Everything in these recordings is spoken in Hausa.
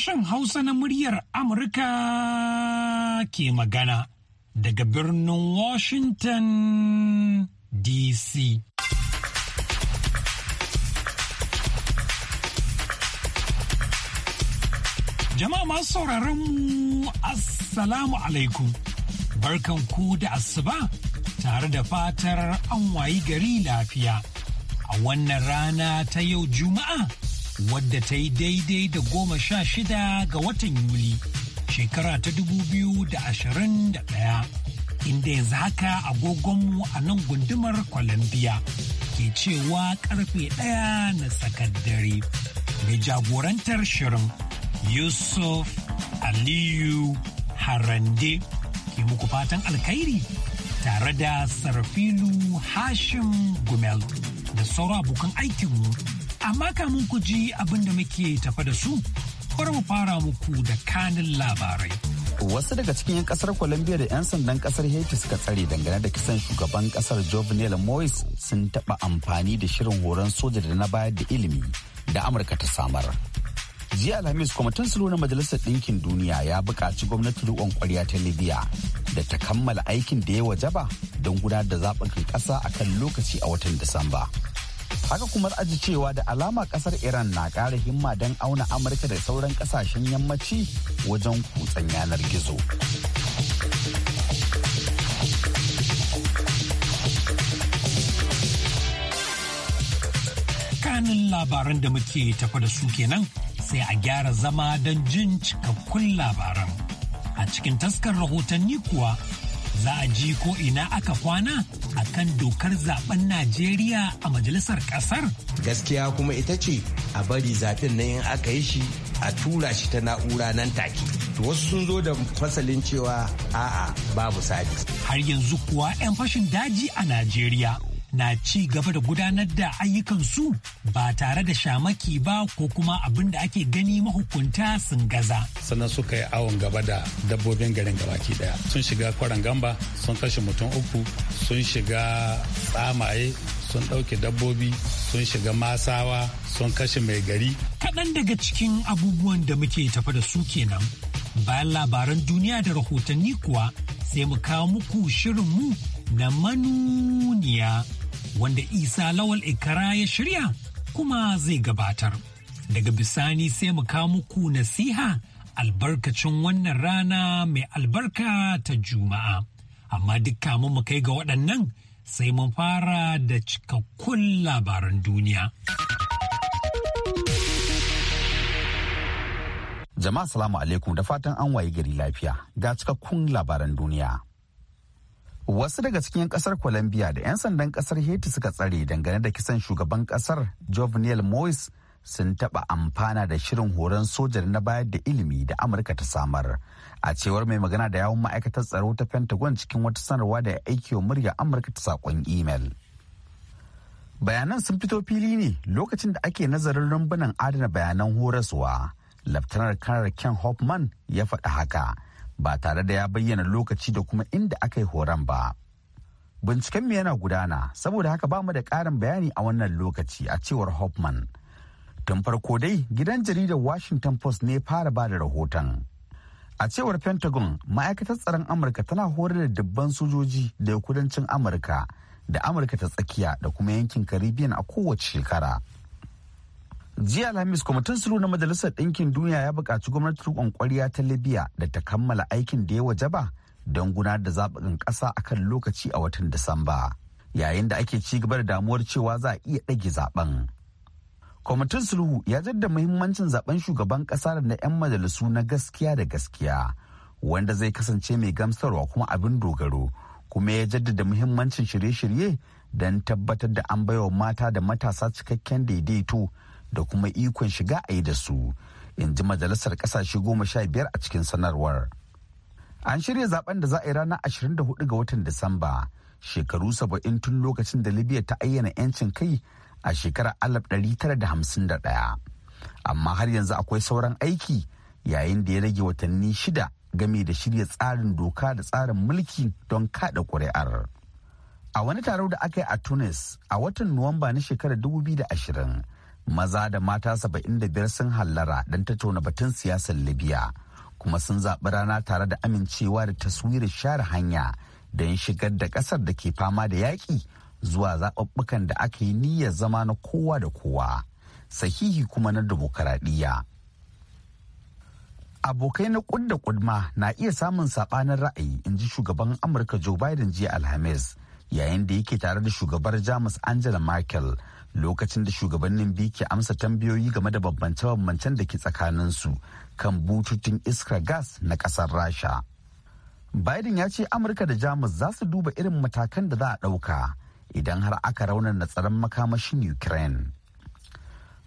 sashen Hausa na muryar Amurka ke magana daga birnin Washington DC. Jama'a masu sauraron mu Assalamu alaikum. Barkan ku da asuba tare da fatar an wayi gari lafiya. A wannan rana ta yau Juma'a wadda ta yi daidai da goma sha shida ga watan Yuli shekara ta dubu biyu da ashirin da ɗaya inda yanzu haka agogonmu a nan gundumar Colombia ke cewa karfe ɗaya na tsakar dare. Mai jagorantar shirin Yusuf Aliyu Harande ke muku fatan alkhairi tare da Sarfilu Hashim Gumel da sauran abokan aikinmu. Amma kamun ku ji abin da muke tafa da su, bari mu fara muku da kanin labarai. Wasu daga cikin 'yan kasar Colombia da 'yan sandan kasar Haiti suka tsare dangane da kisan shugaban kasar Jovenel mois sun taɓa amfani da shirin horon soja da na bayar da ilimi da Amurka ta samar. jiya alhamis kwamitin sulhu na majalisar ɗinkin duniya ya buƙaci gwamnati riƙon ƙwarya ta libya da ta kammala aikin da ya wajaba don gudanar da zaɓen ƙasa a kan lokaci a watan disamba haka kuma aji cewa da alama kasar iran na ƙara himma don auna amurka da sauran kasashen yammaci wajen kutsen yanar gizo kanin labaran da muke tafa da su kenan sai a gyara zama don jin cikakkun labaran a cikin taskar rahotanni kuwa za a ji ko ina aka kwana a kan dokar zaben Najeriya a majalisar kasar. Gaskiya kuma ita ce a bari zaɓen na in aka yi shi a tura shi ta na'ura nan take. Wasu sun zo da fasalin cewa a'a babu sabis. Har yanzu kuwa 'yan fashin daji a Najeriya na ci gaba da gudanar da ayyukansu ba tare da shamaki ba ko kuma abin da ake gani mahukunta sun gaza. Sannan suka yi awon gaba da dabbobin garin gabaki daya. Sun shiga kwaran gamba, sun kashe mutum uku, sun shiga tsamaye, sun ɗauke dabbobi, sun shiga masawa, sun kashe mai gari. Kaɗan daga cikin abubuwan da muke tafa da su kenan. Bayan labaran duniya da rahotanni kuwa sai mu kawo muku shirin mu na manuniya. wanda isa lawal ikara ya shirya kuma zai gabatar daga bisani sai mu kawo muku nasiha albarkacin wannan rana mai albarka ta juma'a amma dukka mu kai ga waɗannan sai mun fara da cikakkun labaran duniya jama'a salamu alaikum da fatan an waye gari lafiya ga cikakkun labaran duniya Wasu daga cikin kasar Colombia da 'yan sandan kasar Haiti suka tsare dangane da kisan shugaban kasar Jovenel mois sun taɓa amfana da shirin horon sojar na bayar da ilimi da Amurka ta samar. A cewar mai magana da yawon ma'aikatar tsaro ta Pentagon cikin wata sanarwa da ya aiki wa murya Amurka ta saƙon imel. Bayanan sun fito fili ne lokacin da ake nazarin rumbunan adana bayanan horaswa. Laftanar Kanar Ken Hoffman ya faɗi haka. ba tare da ya bayyana lokaci da kuma inda aka yi horon ba. Binciken mu yana gudana saboda haka ba mu da ƙarin bayani a wannan lokaci a cewar Hoffman. Tun farko dai gidan jaridar Washington Post ne fara ba da rahoton. A cewar Pentagon, ma'aikatar tsaron Amurka tana horar da dubban sojoji da kudancin Amurka da Amurka ta tsakiya da kuma yankin Caribbean a kowace shekara. jiya alhamis kwamitin sulhu na majalisar ɗinkin duniya ya buƙaci gwamnatin riƙon ƙwariya ta libya da ta kammala aikin da ya wajaba don gudanar da zaɓin ƙasa a kan lokaci a watan disamba yayin da ake ci gaba da damuwar cewa za a iya ɗage zaɓen kwamitin sulhu ya jaddada muhimmancin zaɓen shugaban ƙasa da na 'yan majalisu na gaskiya da gaskiya wanda zai kasance mai gamsarwa kuma abin dogaro kuma ya jaddada muhimmancin shirye-shirye don tabbatar da an baiwa mata da matasa cikakken daidaito da kuma ikon shiga a yi da su in ji majalisar kasashe goma sha biyar a cikin sanarwar an shirya zaben da za a yi ranar 24 ga watan disamba shekaru saba'in tun lokacin da libya ta ayyana 'yancin kai a shekarar 1951 amma har yanzu akwai sauran aiki yayin da ya rage watanni shida game da shirya tsarin doka da tsarin mulki don kada kuri'ar. a wani taro da aka yi a tunis a watan nuwamba na shekarar 2020 maza da mata 75 sun hallara don tattauna batun siyasar libya kuma sun zaɓi rana tare da amincewa da taswirar share hanya don shigar da ƙasar da ke fama da yaƙi zuwa zaɓuɓɓukan da aka yi niyyar zama na kowa da kowa sahihi kuma na dimokuraɗiyya. abokai na ƙudda da na iya samun saɓanin ra'ayi in ji shugaban amurka joe biden jiya alhamis yayin da yake tare da shugabar jamus angela merkel lokacin da shugabannin biyu ke amsa tambayoyi game da babbance-babbancen da ke tsakaninsu kan bututun iskar gas na kasar rasha biden ya ce amurka da jamus za su duba irin matakan da za a ɗauka idan har aka raunar na tsaron makamashin ukraine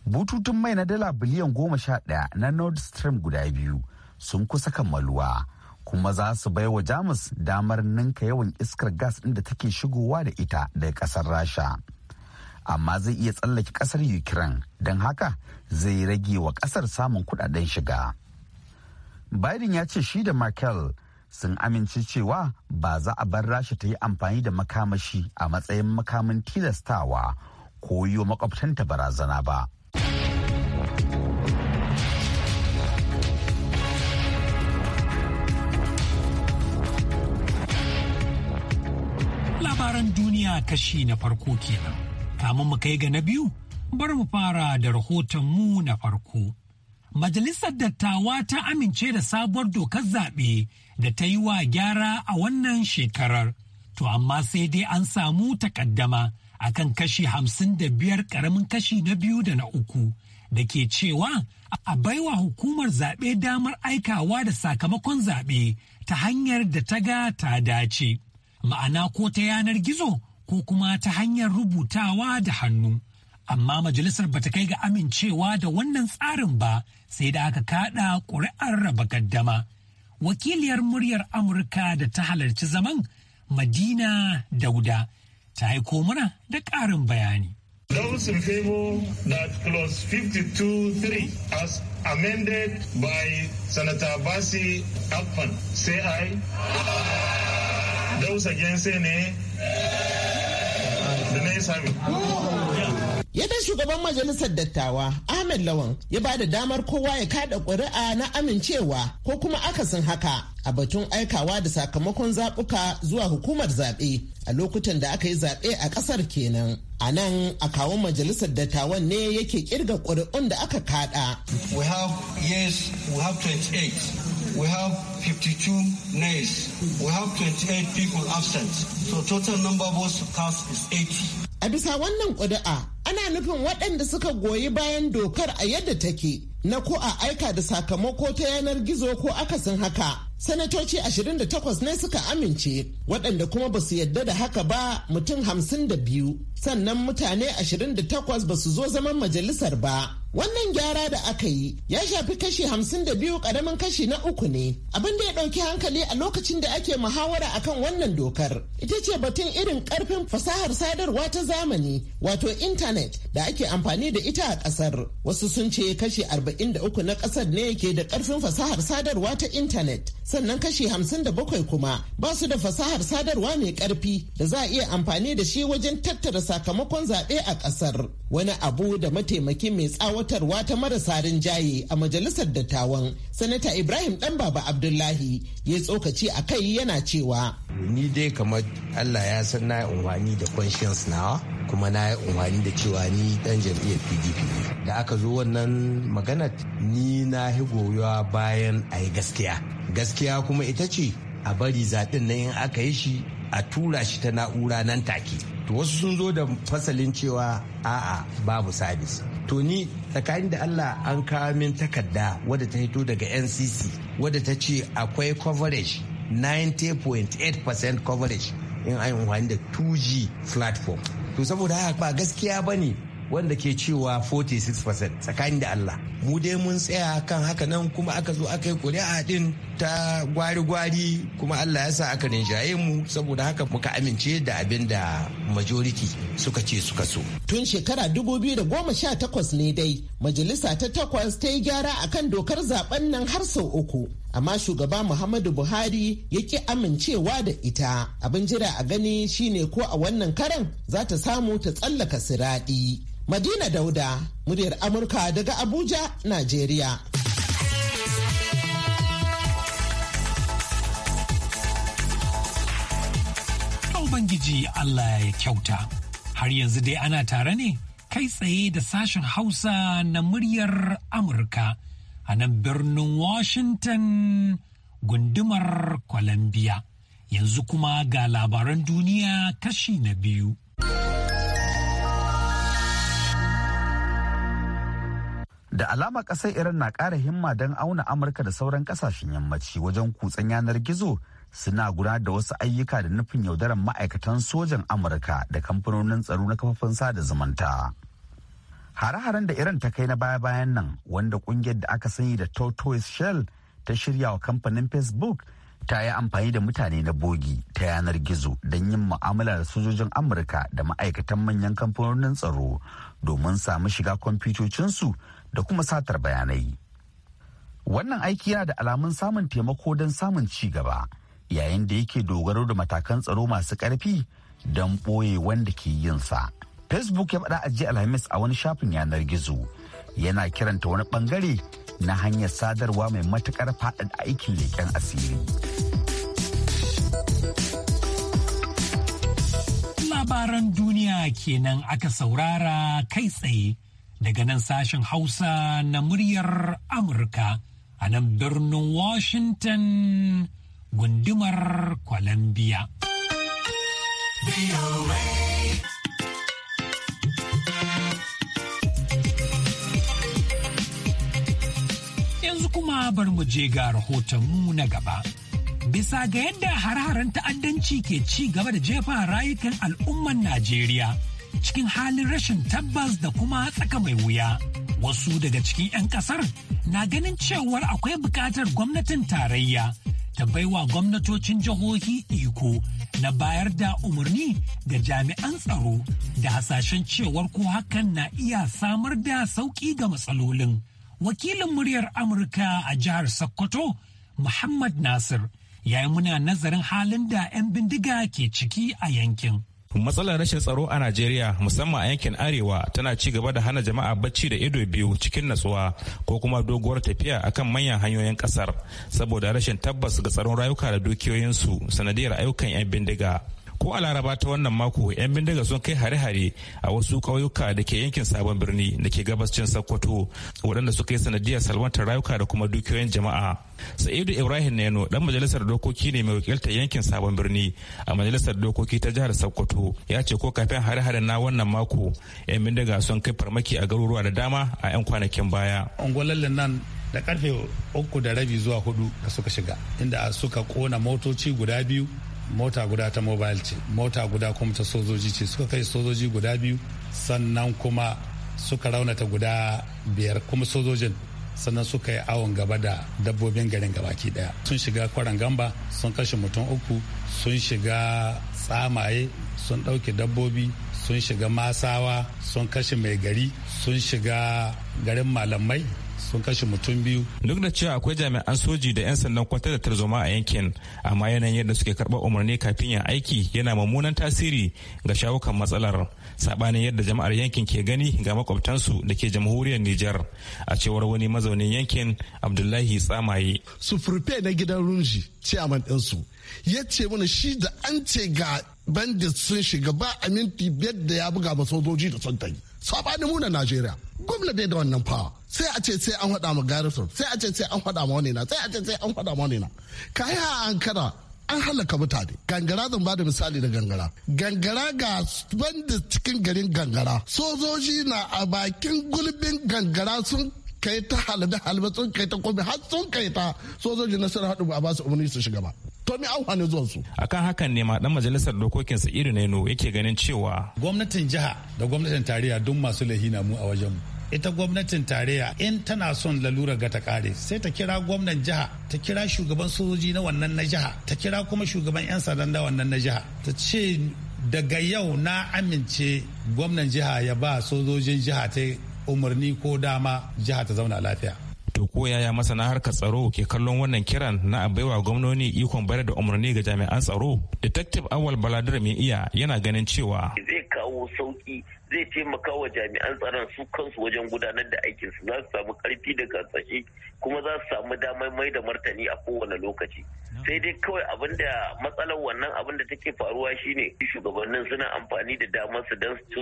bututun mai na dala biliyan goma sha ɗaya na nord stream guda biyu sun kusa kammaluwa kuma za su bai wa jamus damar ninka yawan iskar gas ɗin da take shigowa da ita daga ƙasar rasha amma zai iya tsallake kasar ukraine don haka zai rage wa kasar samun kudaden shiga biden ya ce shi da merkel sun amince cewa ba za a bar rasha ta yi amfani da makamashi a matsayin makamin tilastawa ko yi wa makwabtanta barazana ba labaran duniya kashi na farko kenan Kamun mu kai ga na biyu, Bar mu fara da rahoton mu na farko. Majalisar Dattawa ta amince da sabuwar dokar zaɓe da ta yi wa gyara a wannan shekarar. To amma sai dai an samu takaddama a kan kashi hamsin da biyar ƙaramin kashi na biyu da na uku da ke cewa a baiwa hukumar zaɓe damar aikawa da sakamakon zaɓe ta hanyar da ta ga ta dace. Ma'ana ko ta yanar gizo ko kuma ta hanyar rubutawa da hannu. Amma majalisar bata kai ga amincewa da wannan tsarin ba sai da aka kaɗa ƙuri'ar raba gaddama. Wakiliyar muryar Amurka da ta halarci zaman Madina Dauda ta haiko mana da ƙarin bayani. Those in favor that clause as amended by Senator Basi Akpan, say aye. Those against say nay. da Yadda shugaban majalisar dattawa Ahmed Lawan ya ba da damar kowa ya kada ƙuri'a na amincewa ko kuma akasin haka a batun aikawa da sakamakon zaɓuka zuwa hukumar zaɓe a lokutan da aka yi zaɓe a ƙasar kenan. A nan a kawun majalisar dattawan ne yake kirga ƙuri'un da aka kada. We have yes, we have 28. we have 52 nays. We have 28 people absent. So total number of votes cast is 80. A bisa wannan ƙuri'a ana nufin waɗanda suka goyi bayan dokar a yadda take na ko a aika da sakamako ta yanar gizo ko akasin haka sanatoci 28 ne suka amince waɗanda kuma ba su yadda da haka ba mutum 52 sannan mutane 28 ba su zo zaman majalisar ba wannan gyara da aka yi ya shafi kashi 52 karamin kashi na uku ne abin da ya ɗauki hankali a lokacin da ake muhawara akan wannan dokar ita ce batun irin ƙarfin fasahar sadarwa ta zamani wato intanet intanet da ake amfani da ita a ƙasar wasu sun ce kashi 43 na ƙasar ne ke da ƙarfin fasahar sadarwa ta intanet sannan kashi hamsin da bakwai kuma ba su da fasahar sadarwa mai karfi da za a iya amfani da shi wajen tattara sakamakon zaɓe a ƙasar wani abu da mataimakin mai tsawatarwa ta marasa rinjaye a majalisar dattawan sanata ibrahim dan baba abdullahi ya tsokaci a kai yana cewa ni dai kamar allah ya san na unwani da conscience nawa kuma na yi unwani da cewa ni dan jam'iyyar pdp da aka zo wannan maganar ni na bayan a yi gaskiya gaskiya kuma ita ce a bari zaɓen na yin aka yi shi a tura shi ta na'ura nan take to wasu sun zo da fasalin cewa a'a babu sabis to ni tsakanin da allah an kawo min takarda wadda ta hito daga ncc wadda ta ce akwai coverage 90.8% coverage in an wani da 2G platform. To saboda haka ba gaskiya ba ne wanda ke cewa 46% tsakanin da Allah. Mu dai mun tsaya kan haka nan kuma aka zo aka yi kuri'a din ta gwari-gwari kuma Allah ya sa aka rinjaye mu saboda haka muka amince da abin da majority suka ce suka so. Tun shekara 2018 ne dai majalisa ta takwas ta yi gyara akan dokar zaben nan har sau uku. Amma shugaba Muhammadu Buhari ya ki amincewa da ita. Abin jira a gani shine ko a wannan karan za ta samu ta tsallaka siraɗi. Madina Dauda, muryar Amurka daga Abuja, Najeriya. Ubangiji Allah ya kyauta. Har yanzu dai ana tare ne kai tsaye da sashen Hausa na muryar Amurka a nan birnin Washington gundumar Columbia. Yanzu kuma ga labaran duniya kashi na biyu. da alama kasar iran na ƙara himma don auna amurka da sauran kasashen yammaci wajen kutsen yanar gizo suna gudanar da wasu ayyuka da nufin yaudarar ma'aikatan sojan amurka da kamfanonin tsaro na kafafen sada zumunta hare-haren da irin ta kai na baya-bayan nan wanda kungiyar da aka sani da tortoise shell ta shirya wa kamfanin facebook ta yi amfani da mutane na bogi ta yanar gizo don yin mu'amala da sojojin amurka da ma'aikatan manyan kamfanonin tsaro domin samu shiga kwamfutocinsu da kuma satar bayanai wannan aiki yana da alamun samun taimako don samun ci gaba. yayin da yake dogaro da matakan tsaro masu ƙarfi don ɓoye wanda ke yinsa. facebook ya faɗa ajiye alhamis a wani shafin yanar gizo yana kiranta wani bangare na hanyar sadarwa mai matuƙar faɗin aikin leƙen asiri labaran duniya kenan aka saurara kai tsaye daga nan sashen hausa na muryar amurka a nan birnin washington gundumar Columbia. Yanzu kuma bar mu je ga rahotonmu na gaba. Bisa ga yadda har-haren ta'addanci ke ci gaba da jefa rayukan al'umman Najeriya cikin halin rashin tabbas da kuma tsaka mai wuya. Wasu daga cikin 'yan kasar na ganin cewar akwai bukatar gwamnatin tarayya ta baiwa gwamnatocin jihohi iko na bayar da umarni ga jami'an tsaro da hasashen cewar ko hakan na iya samar da sauƙi ga matsalolin. Wakilin muryar Amurka a jihar Sokoto, Muhammad Nasir, ya yi muna nazarin halin da 'yan bindiga ke ciki a yankin. Matsalar rashin tsaro a Najeriya musamman a yankin Arewa tana ci gaba da hana jama'a bacci da ido biyu cikin natsuwa ko kuma doguwar tafiya akan manyan hanyoyin kasar saboda rashin tabbas ga tsaron rayuka da dukiyoyinsu sanadiyar ayyukan 'yan bindiga. ko a laraba ta wannan mako 'yan bindiga sun kai hare-hare a wasu ƙauyuka da ke yankin sabon birni da ke gabascin sokoto waɗanda suka yi sanadiyar salwantar rayuka da kuma dukiyoyin jama'a sa'idu ibrahim neno dan majalisar dokoki ne mai wakiltar yankin sabon birni a majalisar dokoki ta jihar sokoto ya ce ko kafin hare-hare na wannan mako 'yan bindiga sun kai farmaki a garuruwa da dama a 'yan kwanakin baya nan da karfe uku da rabi zuwa hudu da suka shiga inda suka kona motoci guda biyu mota guda ta mobile ce mota guda kuma ta sojoji ce suka kai sojoji guda biyu sannan kuma suka raunata guda biyar kuma sojojin sannan suka yi awon gaba da dabbobin garin gabaki daya sun shiga kwaran gamba sun kashe mutum uku sun shiga tsamaye sun ɗauke dabbobi sun shiga masawa sun kashe mai gari sun shiga garin malamai sun kashe mutum biyu duk da cewa akwai jami'an soji da 'yan sandan kwantar da tarzoma a yankin amma yanayin yadda suke karɓar umarni kafin yin aiki yana mummunan tasiri ga shawukan matsalar sabanin yadda jama'ar yankin ke gani ga makwabtansu da ke jamhuriyar Nijar a cewar wani mazaunin yankin Abdullahi Tsamaye. Sufurfe na gidan Runji ciyaman ɗinsu ya ce mana shi da an ce ga bandit sun shiga ba a minti biyar da ya buga ba sojoji da sun tayi. Sabanin mu na Najeriya gwamna bai da wannan fawa. sai a ce sai an faɗa ma garison sai a ce sai an faɗa ma wani sai a ce sai an faɗa ma wani na kayi a ankara an halaka mutane gangara zan bada misali da gangara gangara ga banda cikin garin gangara sojoji na a bakin gulbin gangara sun kai ta halada halba sun kai ta kome har sun kai ta sojoji na sun haɗu ba ba su umarni su shiga ba to mi auha ne zuwan su akan hakan ne ma dan majalisar dokokin sa iri ne yake ganin cewa gwamnatin jiha da gwamnatin tarayya duk masu lahina mu a wajen mu ita gwamnatin tarayya in tana son lalura ga ta kare sai ta kira gwamnan jiha ta kira shugaban sojoji na wannan na jiha ta kira kuma shugaban 'yan sanda na wannan na jiha ta ce daga yau na amince gwamnan jiha ya ba sojojin jiha ta umarni ko dama jiha ta zauna lafiya to ko yaya masana harkar tsaro ke kallon wannan kiran na a baiwa gwamnoni ikon bayar da umarni ga jami'an tsaro detective awal baladir mai iya yana ganin cewa zai sauki zai taimaka wa jami'an tsaron su kansu wajen gudanar da aikinsu za su samu karfi da karsashi kuma za su samu damar mai da martani a kowane lokaci sai dai kawai abin da matsalar wannan abin da take faruwa shine shugabannin suna amfani da damar su don su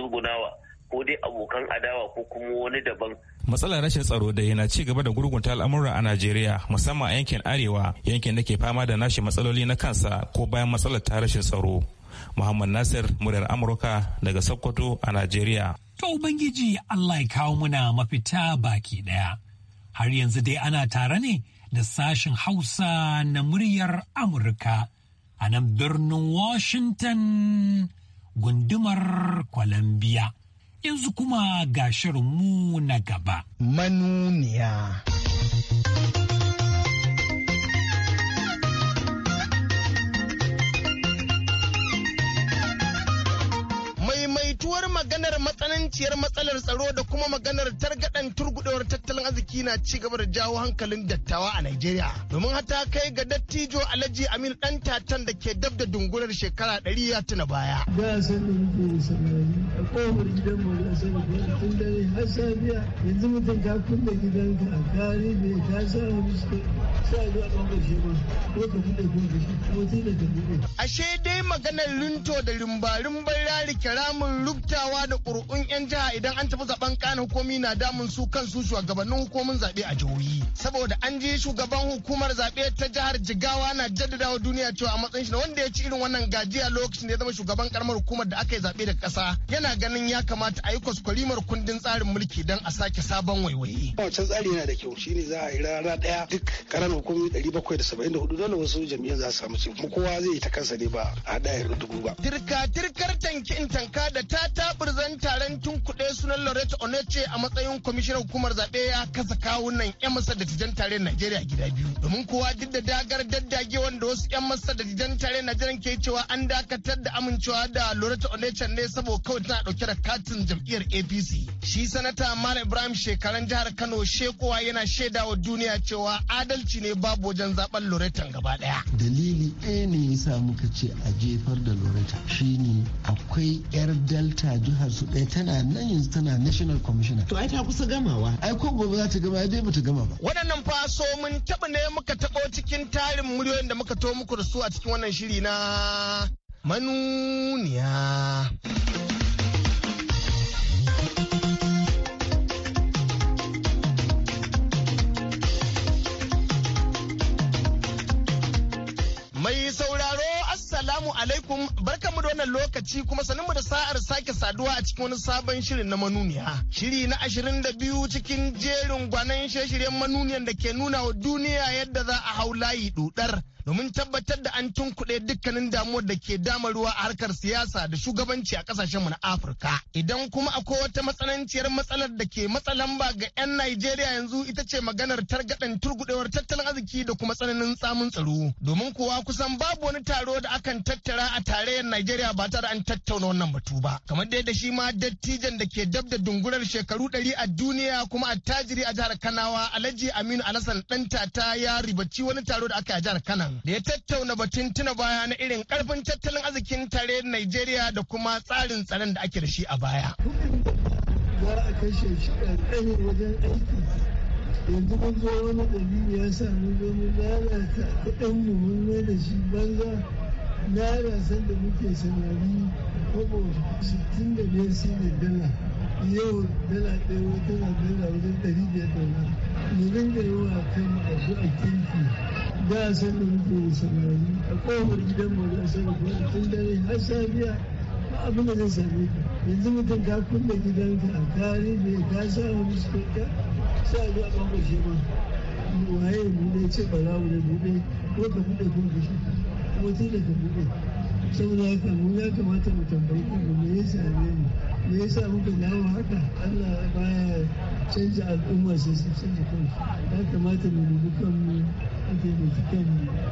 ko dai abokan adawa ko kuma wani daban matsalar rashin tsaro da yana ci gaba da gurgunta al'amura a najeriya musamman a yankin arewa yankin da ke fama da nashi matsaloli na kansa ko bayan matsalar ta rashin tsaro Muhammad Nasir muryar Amurka daga Sokoto a Najeriya. To Ubangiji Allah ya kawo muna mafita baki daya, Har yanzu dai ana tare ne da sashen Hausa na muryar Amurka a nan birnin Washington gundumar Columbia. Yanzu kuma ga shirinmu na gaba. Manuniya. maganar kanciyar matsalar tsaro da kuma maganar targaɗan turgudewar tattalin arziki na ci gaba da jawo hankalin dattawa a Najeriya. Domin hata kai ga dattijo Alhaji Aminu dan tatan da ke dab da dungular shekara ɗari ya tuna baya. Da san da muke samari a kofar gidan mu da san da tun dare har safiya yanzu mutum ka kulle gidanka a kare ne ka sa musu sa zuwa ɗaukar shi ma ko ka kulle ko ka shi ko sai da ka buɗe. Ashe dai maganar lunto da rumba-rumbar rari kiramin rubtawa da ƙuri'un 'yan jiha idan an tafi zaben kan hukumi na damun su kan kansu shugabannin hukumin zaɓe a jihohi saboda an ji shugaban hukumar zaɓe ta jihar jigawa na jaddadawa duniya cewa a matsayin shi na wanda ya ci irin wannan gajiya lokacin da ya zama shugaban karamar hukumar da aka yi zaɓe da ƙasa yana ganin ya kamata a yi kwaskwarimar kundin tsarin mulki don a sake sabon waiwaye. wancan tsari yana da kyau shine za a yi rana daya duk karamar hukumomi ɗari bakwai da saba'in da hudu dole wasu jami'an za su samu ci kuma kowa zai yi ta kansa ne ba a haɗa ya dubu ba. tirka tirkar tankin tanka da ta taɓurzan taron kokarin tunkuɗe sunan Loretta Onece a matsayin kwamishinan hukumar zaɓe ya kasa kawunan 'yan masa da tijan tare Najeriya gida biyu. Domin kowa duk da dagar daddage wanda wasu 'yan masa da tijan tare Najeriya ke cewa an dakatar da amincewa da Loretta Onece ne saboda kawai tana ɗauke da katin jam'iyyar APC. Shi sanata Malam Ibrahim shekaran jihar Kano shekowa yana shaida wa duniya cewa adalci ne babu wajen zaɓen Loretta gaba ɗaya. Dalili ɗaya ne ya sa muka ce a jefar da Loretta shine akwai 'yar Delta jihar su ɗaya tana nan yanzu tana national commissioner to ai ta kusa gamawa ai ko gobe za ta gama ai dai bata gama ba waɗannan fa so mun taɓa ne muka taɓo cikin tarin muryoyin da muka to muku da su a cikin wannan shiri na manuniya Mai sauraro, Assalamu alaikum, bar wannan lokaci kuma sanin da sa'ar sake saduwa a cikin wani sabon shirin na manuniya. Shiri na ashirin da biyu cikin jerin gwanan shirye-shiryen manuniyan da ke nuna wa duniya yadda za a hau layi dudar domin tabbatar da an tunkuɗe dukkanin damuwar da ke dama ruwa a harkar siyasa da shugabanci a ƙasashenmu na Afirka. Idan kuma akwai wata matsananciyar matsalar da ke matsalamba ga 'yan Najeriya yanzu ita ce maganar targaɗan turgudewar tattalin arziki da kuma tsananin tsamin tsaro. Domin kuwa kusan babu wani taro da akan tattara a tarayyar Najeriya ba tare an tattauna wannan batu ba. Kamar dai da shi ma dattijan da ke dab da dungurar shekaru ɗari a duniya kuma attajiri a jihar Kanawa Alhaji Aminu Alasan ɗan tata ya ribaci wani taro da aka yi a jihar kana da ya tattauna batun tuna baya na irin karfin tattalin arzikin tare Najeriya da kuma tsarin tsaron da ake da shi a baya. Za a kashe shi wajen aiki yanzu mun zo wani dalili ya sa mun zo mun lalata kuɗin mu mun mai da shi banza na rasan da muke samari kobo 60 da ne da dala yau dala ɗaya wata na dala wajen ɗari biyar da na mu dinga yi wa kan kanmu a kirki da a san da muke samari a kofar gidan mu za san da kuma tun dare har safiya ba abin da zai same ka yanzu mutum ka kulle gidanka a ka rufe ka sa wani sukunka sai a zo a bambashe ma waye mu ne ce ba za mu da buɗe ko ka buɗe ko ka shi ko tun da ka buɗe saboda haka mu ya kamata mu tambayi kanmu me ya same mu me yasa muka dawo haka allah baya canza al'umma sai sun canza kansu ya kamata mu dubi kanmu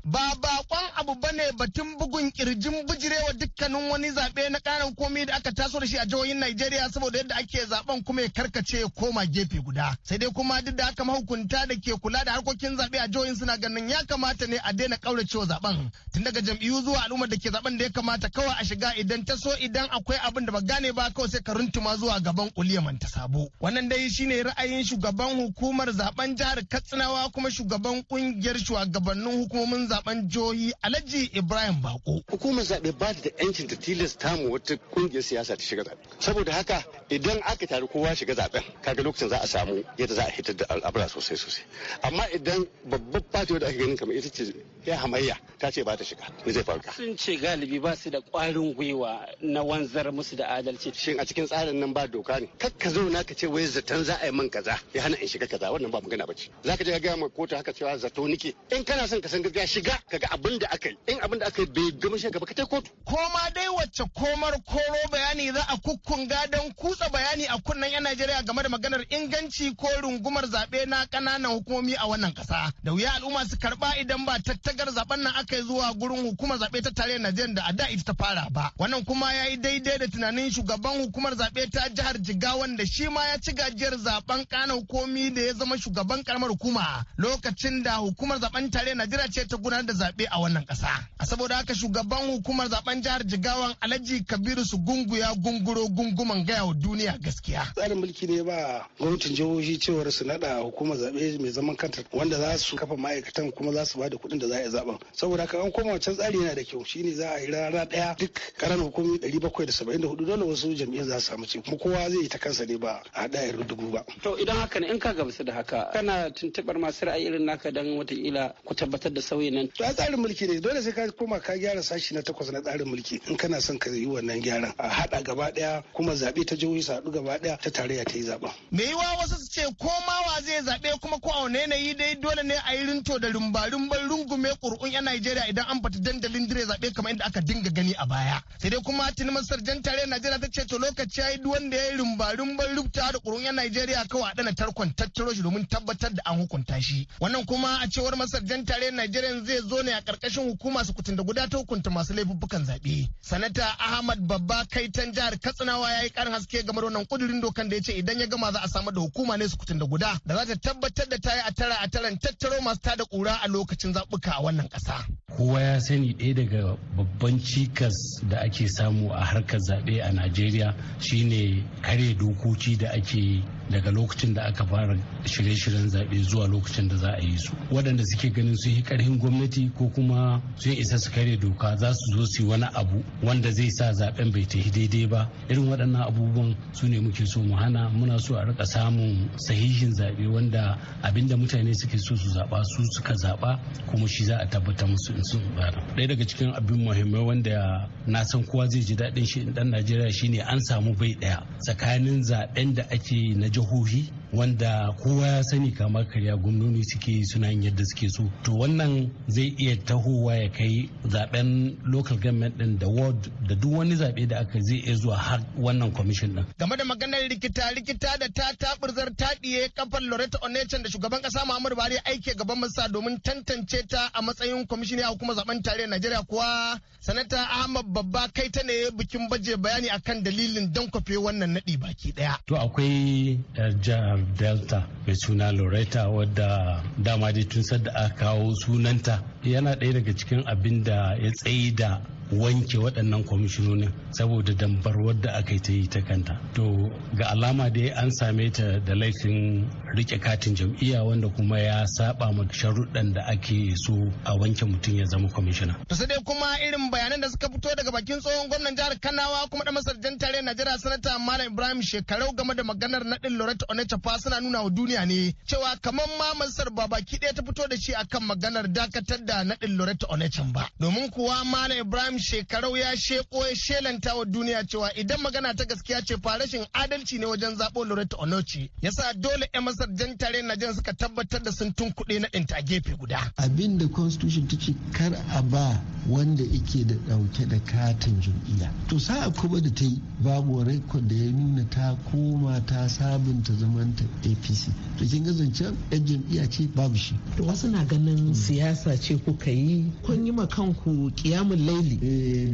Ba bakon abu bane batun bugun kirjin bijirewa dukkanin wani zaɓe na ƙarin komi da aka taso da shi a jihohin Najeriya saboda yadda ake zaben kuma ya karkace koma gefe guda. Sai dai kuma duk da haka mahukunta da ke kula da harkokin zaɓe a jihohin suna ganin ya kamata ne a daina ƙauracewa zaben. Tun daga jam'iyyu zuwa al'ummar da ke zaben da ya kamata kawai a shiga idan ta so idan akwai abin da ba gane ba kawai sai ka runtuma zuwa gaban kuliyaman ta sabo. Wannan dai shine ra'ayin shugaban hukumar zaben jihar Katsinawa kuma shugaban ƙungiyar Shu shugabannin hukumomin zaben jihohi Alhaji Ibrahim Bako. Hukumar zaɓe ba da yancin ta tilasta mu wata ƙungiyar siyasa ta shiga zaɓe. Saboda haka idan aka taru kowa shiga zaɓen kaga lokacin za a samu yadda za a hitar da al'amura sosai sosai. Amma idan babban fati da aka ganin kamar ita ce ya hamayya ta ce ba ta shiga ni zai faru. Sun ce galibi ba su da ƙwarin gwiwa na wanzar musu da adalci. Shin a cikin tsarin nan ba doka ne? Kar ka zauna ka ce wai zaton za a yi man kaza ya hana in shiga kaza wannan ba magana ba ce. Za ka je ka gaya ma kotu haka cewa zato nike in kana son ka san gaskiya shiga kaga abin da aka yi in abin da aka yi bai gamshe gaba ka kotu koma dai wacce komar koro bayani za a kukkunga don kutsa bayani a kunnen yan Najeriya game da maganar inganci ko rungumar zaɓe na ƙananan hukumomi a wannan kasa da wuya al'umma su karɓa idan ba tattagar zaben nan aka yi zuwa gurin hukumar zaɓe ta tarayyar Najeriya da a da ita ta fara ba wannan kuma ya yi daidai da tunanin shugaban hukumar zabe ta jihar jigawa wanda shi ma ya ci gajiyar zaben ƙananan hukumomi da ya zama shugaban karamar hukuma lokacin da hukumar zaben zaben tare Najeriya ce ta gudanar da zabe a wannan kasa A saboda haka shugaban hukumar zaben jihar Jigawan Alhaji Kabiru su gunguya gunguro gunguman gaya wa duniya gaskiya. Tsarin mulki ne ba gwamnatin jihohi cewar su nada hukumar zabe mai zaman kanta wanda za su kafa ma'aikatan kuma za su ba da kuɗin da za a yi zaben. Saboda haka an koma wancan tsari yana da kyau shine za a yi rana daya duk karan hukumi 774 dole wasu jam'iyyar za su samu ce kuma kowa zai yi ta kansa ne ba a haɗa dubu ba. To idan haka ne in ka gamsu da haka kana tuntuɓar masu ra'ayi irin naka dan watakila ku tabbatar da sauyin nan. To a tsarin mulki ne dole sai ka koma ka gyara sashi na takwas na tsarin mulki in kana son ka yi wannan gyaran a haɗa gaba ɗaya kuma zaɓe ta jihohi su haɗu gaba ɗaya ta tarayya ta yi zaɓen. Me yiwa wasu su ce ko ma wa zai zaɓe kuma ko a wani yanayi dai dole ne a yi rinto da rumba rumba rungume ƙuri'un 'yan Najeriya idan an fata dandalin dire zaɓe kamar yadda aka dinga gani a baya. Sai dai kuma tuni masar jan tare Najeriya ta ce to lokaci ya yi duk wanda ya yi rumba rumba rubuta da ƙuri'un 'yan Najeriya kawai a ɗana tarkon tattaro shi domin tabbatar da an hukunta shi. Wannan kuma a cewar masar wajen tarayyar Najeriya zai zo ne a ƙarƙashin hukuma su kutun da guda ta hukunta masu laifuffukan zaɓe. Sanata Ahmad Babba Kaitan jihar Katsinawa ya yi ƙarin haske game da wannan ƙudurin dokan da ya ce idan ya gama za a samar da hukuma ne su kutun da guda da za ta tabbatar da ta yi a tara a taran tattaro masu tada ƙura a lokacin zaɓuka a wannan ƙasa. Kowa ya sani ɗaya daga babban cikas da ake samu a harkar zaɓe a Najeriya shine kare dokoki da ake daga lokacin da aka fara shirye-shiryen zaɓe zuwa lokacin da za a yi su waɗanda suke ganin sun yi ƙarfin gwamnati ko kuma sun isa su karya doka za su zo su yi wani abu wanda zai sa zaɓen bai tafi daidai ba irin waɗannan abubuwan su ne muke so mu hana muna so a rika samun sahihin zaɓe wanda abinda mutane suke so su zaɓa su suka zaɓa kuma shi za a tabbatar musu in sun tsara ɗaya daga cikin abin muhimmai wanda na san kowa zai ji daɗin shi ɗan najeriya shine an samu bai ɗaya tsakanin zaɓen da ake na jihohi wanda kowa ya sani kamar karya gwamnoni suke suna yin yadda suke so to wannan zai iya tahowa ya kai zaben local government din da ward da duk wani zabe da aka zai iya zuwa har wannan commission din game da maganar rikita rikita da ta taburzar diye kafar Loretta Onechan da shugaban kasa Muhammadu Buhari aike gaban masa domin tantance ta a matsayin kwamishin a hukumar zaben tare Najeriya kuwa sanata Ahmad Babba kai ta ne bikin baje bayani akan dalilin don wannan naɗi baki ɗaya. To akwai 'yar jihar delta mai suna loretta wadda dama dai tun sadda aka kawo sunanta yana ɗaya daga cikin abin da ya tsayi da wanke waɗannan kwamishinonin saboda dambar wadda aka yi ta yi ta kanta to ga alama dai an same ta da laifin rike katin jam'iyya wanda kuma ya saba ma sharuɗan da ake so a wanke mutum ya zama kwamishina. To sai dai kuma irin bayanan da suka fito daga bakin tsohon gwamnan jihar Kanawa kuma da masarjan tare Najeriya sanata Malam Ibrahim Shekarau game da maganar naɗin Loretta fa suna nuna wa duniya ne cewa kamar ma masar babaki ɗaya ta fito da shi akan maganar dakatar da naɗin Loretta Onechan ba. Domin kuwa Malam Ibrahim Shekarau ya sheko ya shelanta wa duniya cewa idan magana ta gaskiya ce fa rashin adalci ne wajen zaɓo Loretta Onochi. Yasa dole 'yan kasar jan tare na jan suka tabbatar da sun tun tunkuɗe na ɗinta a gefe guda. Abin da constitution ta ce kar a ba wanda ike da ɗauke da katin jam'iyya. To sa'a kuma da ta yi babu rekod da ya nuna ta koma ta sabunta zamanta APC. To kin ga zancen ɗan jam'iyya ce babu shi. To wasu na ganin mm. siyasa ce kuka yi kun yi ma kanku kiyamun laili. Eh,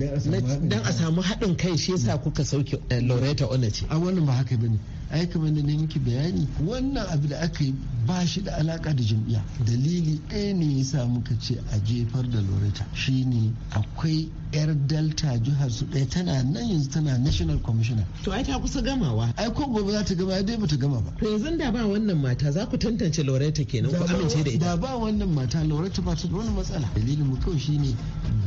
dan a samu haɗin kai shi yasa kuka sauke eh, Loretta Onace. A wannan ba haka bane. ai kamar da ne miki bayani wannan abu da aka yi ba shi da alaka da jam'iyya dalili ɗaya ne ya sa muka ce a jefar da loreta shine akwai yar delta jihar su ɗaya tana nan yanzu tana national commissioner to ai ta kusa gamawa ai ko gobe za ta gama dai bata gama ba to yanzu da ba wannan mata za ku tantance loretta kenan ku amince da ita da ba wannan mata loretta ba ta da wani matsala dalilin mu kawai shine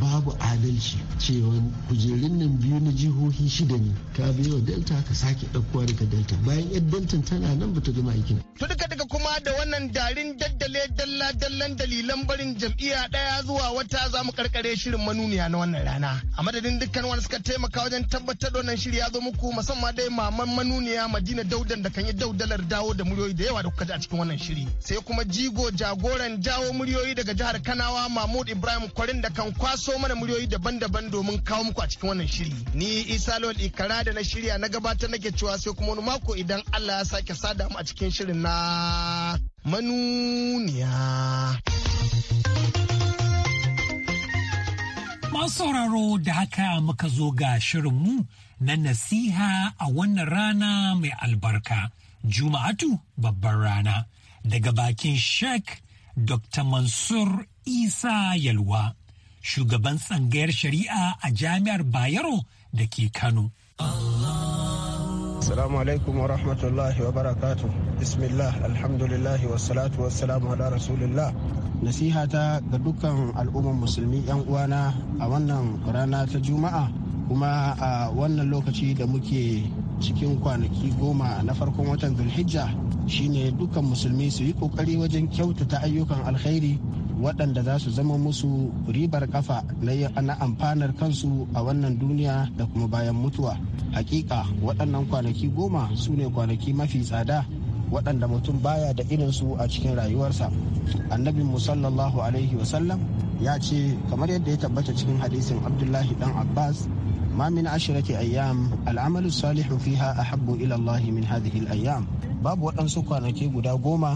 babu adalci cewa kujerun nan biyu na jihohi shida ne ka biyo delta ka sake ɗaukuwa daga delta bayan yar delta tana nan bata gama aikin to duka duka kuma da wannan darin daddale dalla dallan dalilan barin jam'iyya daya zuwa wata za mu karkare shirin manuniya na wannan rana rana a madadin dukkan wanda suka taimaka wajen tabbatar da wannan shiri ya zo muku musamman dai maman manuniya madina daudan da kan yi daudalar dawo da muryoyi da yawa da kuka ji a cikin wannan shiri sai kuma jigo jagoran jawo muryoyi daga jihar kanawa mahmud ibrahim kwarin da kan kwaso mana muryoyi daban-daban domin kawo muku a cikin wannan shiri ni isa lol ikara da na shirya na gabatar nake cewa sai kuma wani mako idan allah ya sake sada mu a cikin shirin na manuniya. Masu sauraro da haka muka zo ga shirinmu na nasiha a wannan rana mai albarka, Juma'atu babbar rana, daga bakin Sheikh Dr. Mansur Isa Yalwa, shugaban tsangayar shari'a a Jami'ar Bayero da ke Kano. Allah. Assalamu alaikum wa rahmatullahi wa barakatu. Bismillah, alhamdulillah, wassalatu wassalamu ala rasulillah. Nasiha ta ga dukkan al'umman musulmi 'yan uwana a wannan rana ta Juma'a kuma a wannan lokaci da muke cikin kwanaki goma na farkon watan Zulhijja shine dukkan musulmi su yi kokari wajen kyautata ayyukan alkhairi waɗanda za su zama musu ribar kafa na amfanar kansu a wannan duniya da kuma bayan mutuwa hakika waɗannan kwanaki goma su ne kwanaki mafi tsada waɗanda mutum baya da irinsu a cikin rayuwarsa annabinmu sallallahu alaihi wasallam ya ce kamar yadda ya tabbata cikin hadisin abdullahi dan abbas ma min ashirati ayyam al'amalu salihu fiha ahabbu ila min hadhihi al-ayyam babu waɗansu kwanaki guda goma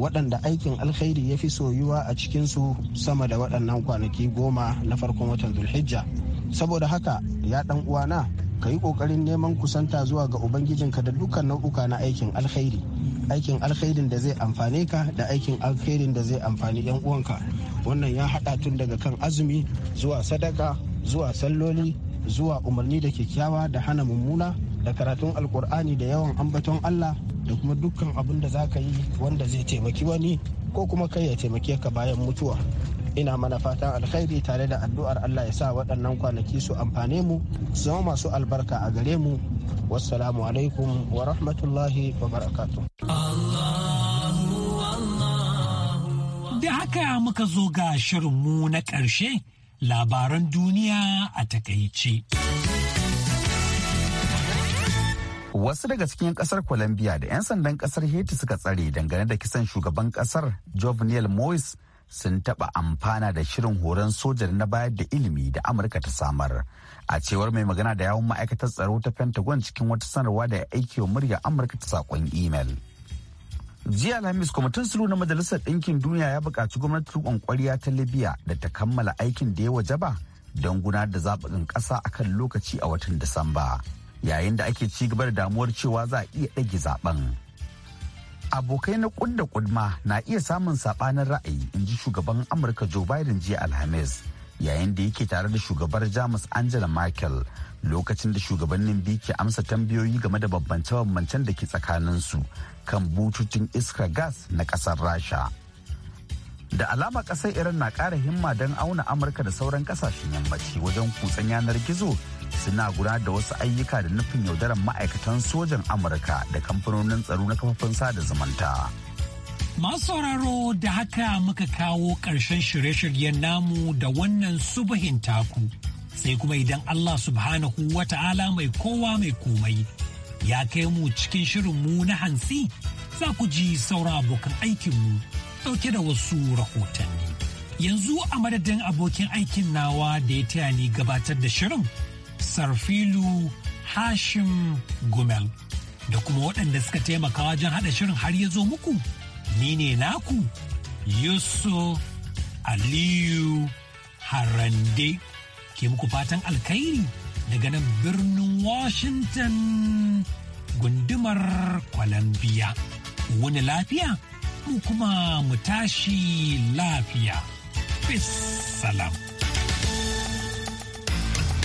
waɗanda aikin alkhairi ya fi soyuwa a cikinsu sama da waɗannan kwanaki goma na farkon watan zulhijja saboda haka ya ɗan uwana ka yi ƙoƙarin neman kusanta zuwa ga ubangijinka da dukkan nau'uka na aikin alkhairi aikin alkhairin da zai amfane ka da aikin alkhairin da zai amfani yan uwanka wannan ya haɗa tun daga kan azumi zuwa sadaka zuwa salloli zuwa umarni da kyakkyawa da hana mummuna da karatun alkur'ani da yawan ambaton allah da kuma dukkan abin da za ka yi wanda zai taimaki wani ko kuma kai ya taimake ka bayan mutuwa ina mana fatan alkhairi tare da addu'ar allah ya sa waɗannan kwanaki su amfane mu su zama masu albarka a gare mu wassalamu alaikum wa rahmatullahi wa barakatu da haka muka zo ga shirinmu na ƙarshe labaran duniya a takaice. wasu daga cikin kasar colombia da 'yan sandan kasar haiti suka tsare dangane da kisan shugaban kasar jovenel mois sun taɓa amfana da shirin horon soja na bayar da ilimi da amurka ta samar a cewar mai magana da yawon ma'aikatar tsaro ta pentagon cikin wata sanarwa da aiki wa murya amurka ta saƙon imel jiya alhamis kwamitin sulu na majalisar ɗinkin duniya ya buƙaci gwamnatin riƙon ƙwariya ta libya da ta kammala aikin da ya wajaba don gudanar da zaɓukan ƙasa akan lokaci a watan disamba yayin da ake ci gaba da damuwar cewa za a iya ɗage zaben. Abokai na kunda kudma na iya samun saɓanin ra'ayi in ji shugaban Amurka Joe Biden jiya Alhamis yayin da yake tare da shugabar Jamus Angela Merkel lokacin da shugabannin biyu ke amsa tambayoyi game da bambance-bambancen da ke su kan bututun iska gas na ƙasar Rasha. da alama kasar iran na ƙara himma don auna amurka da sauran kasashen yammaci wajen kutsen yanar gizo suna gura da wasu ayyuka da nufin yaudarar ma'aikatan sojan amurka da kamfanonin tsaro na kafafen sada zumunta masu sauraro da haka muka kawo ƙarshen shirye-shiryen namu da wannan subahin taku sai kuma idan allah subhanahu wata'ala mai kowa mai komai ya kai mu cikin shirin mu na hansi, za ku ji sauran abokan aikinmu ɗauke da wasu rahotanni yanzu a madadin abokin aikin nawa da ya taya ni gabatar da shirin Sarfilu Hashim Gumel da kuma waɗanda suka taimaka wajen haɗa shirin har ya zo muku. Ni ne naku Yusuf Aliyu Harande ke muku fatan alkhairi daga nan birnin Washington gundumar Columbia. Wani lafiya mu kuma mu tashi lafiya. Peace salam.